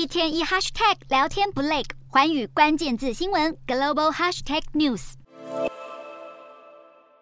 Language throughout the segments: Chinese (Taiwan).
一天一 hashtag 聊天不累，寰宇關鍵字新聞 global hashtag news。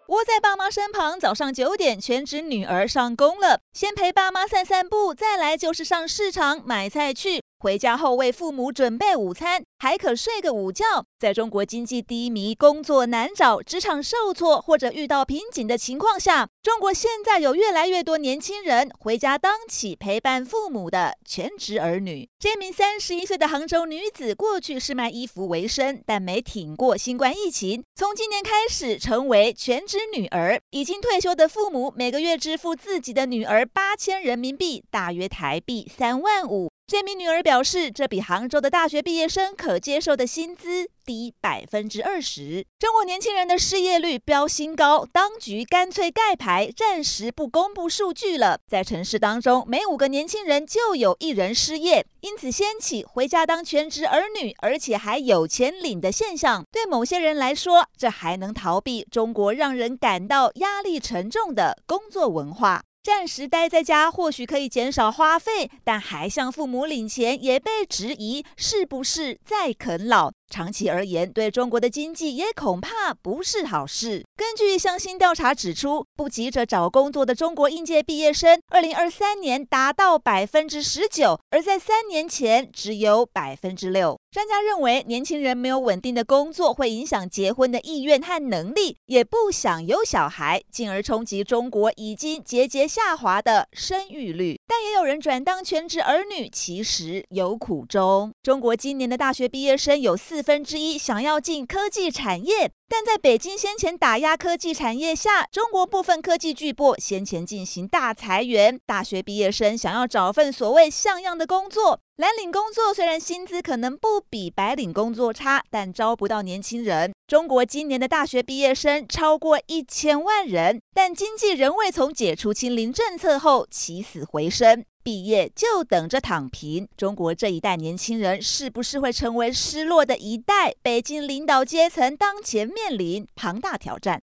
窩在爸媽身旁，早上九點，全職女兒上工了。先陪爸媽散散步，再來就是上市場買菜去。回家後為父母準備午餐，還可睡個午覺。在中國經濟低迷、工作難找、職場受挫或者遇到瓶頸的情況下，中國現在有越來越多年輕人回家當起陪伴父母的全職兒女。這名三十一歲的杭州女子過去是賣衣服為生，但沒挺過新冠疫情，從今年開始成為全職女兒。已經退休的父母每個月支付自己的女兒八千人民幣，大約台幣三萬五。這名女兒表示，這比杭州的大學畢業生可接受的薪資低百分之二十。中國年輕人的失業率飆新高，當局乾脆蓋牌，暫時不公布數據了。在城市當中，每五個年輕人就有一人失業，因此掀起回家當全職兒女，而且還有錢領的現象。對某些人來說，這還能逃避中國讓人感到壓力沉重的工作文化。暫時待在家，或許可以減少花費，但還向父母領錢也被質疑，是不是在啃老？長期而言，對中國的經濟也恐怕不是好事。根據一項新調查指出，不急着找工作的中國應屆畢業生，二零二三年達到百分之十九，而在三年前只有百分之六。專家認為，年輕人沒有穩定的工作，會影響結婚的意願和能力，也不想有小孩，進而衝擊中國已經節節下滑的生育率。但也有人轉當全職兒女，其實有苦衷。中國今年的大學畢業生有四分之一想要進科技產業，但在北京先前打壓科技產業下，中國部分科技巨擘先前進行大裁員。大學畢業生想要找份所謂像樣的工作，藍領工作雖然薪資可能不比白領工作差，但招不到年輕人。中國今年的大學畢業生超過一千萬人，但經濟仍未從解除「清零」政策後起死回生，畢業就等着躺平。中國這一代年輕人是不是會成為失落的一代？北京領導階層當前面臨龐大挑戰。